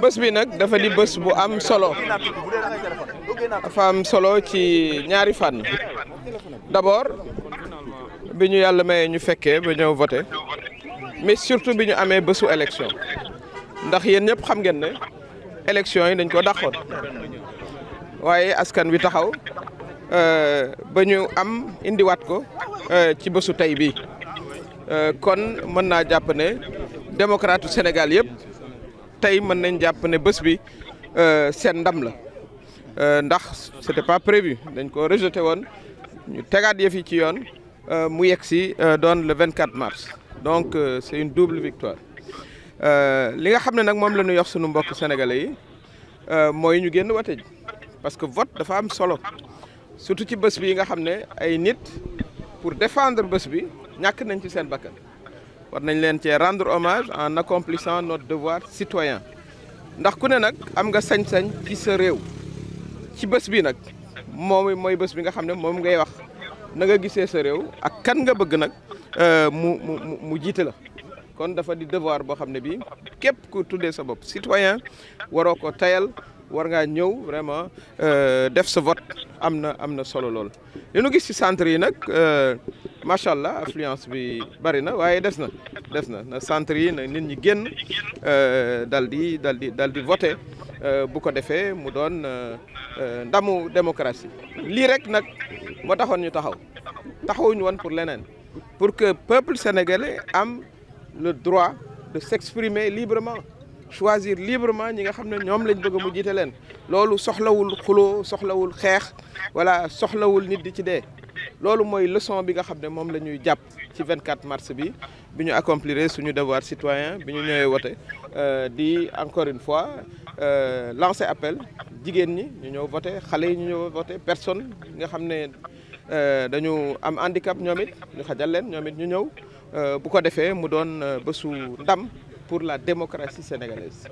bës bi nag dafa di bës bu am solo dafa am solo ci ñaari fànn d'abord bi ñu yàlla mayee ñu fekkee ba ñëw voté mais surtout bi ñu amee bësu élection ndax yéen ñëpp xam ngeen ne élection yi dañ ko dàqoon waaye askan wi taxaw euh, ba ñu am indiwaat ko euh, ci bësu tey bii euh, kon mën naa jàpp ne démocrate Sénégal yëpp. tey mën nañ jàpp ne bés bi euh, seen ndam la euh, ndax c'était pas prévu dañ ko rejeté woon ñu tegaat yëf yi ci yoon euh, mu yegg si doon le 24 mars donc c'est une double victoire li nga xam ne nag moom la ñu yox suñu mbokk sénégalais yi mooy ñu génn wate ji parce que vote dafa am solo surtout ci bés bi yi nga xam ne ay nit pour défendre bés bi ñàkk nañ ci seen bakkan war nañ leen cee rendre hommage en accomplissant notre devoir citoyen ndax ku ne nag am nga sañ ci sa réew ci bés bi nag moom mooy bés bi nga xam ne moom ngay wax na nga gisee sa réew ak kan nga bëgg nag euh, mu mu mu jiite la kon dafa di devoir boo xam ne bii képp ku tuddee sa bopp citoyen waroo ko tayal war ngaa ñëw vraiment euh, def sa vote am na am na solo lool li gis ci centre yi nag euh, macha allah affluence bi bari na waaye des na des na na centre yi na nit ñi génn euh, dal di dal di dal di voté euh, bu ko defee mu doon euh, ndamu démocratie lii rek nag moo taxoon ñu taxaw taxawuñu woon pour leneen pour que peuple sénégalais am le droit de s'exprimer librement choisir librement ñi nga xam ne ñoom lañ bëgg mu jiite leen loolu soxlawul xuloo soxlawul xeex wala soxlawul nit di ci dee loolu mooy leçon bi nga xam ne moom la ñuy jàpp ci 24 mars bi bi ñu accomplir suñu devoir citoyen bi ñu ñëwee wote euh, di encore une fois euh, lancé appel jigéen ñi ñu ñëw voté xale yi ñu ñëw voté personne nga xam ne euh, dañu am handicap ñoom it ñu xajal leen ñoom it ñu ñëw bu ko defee mu doon bésu ndam pour la démocratie sénégalaise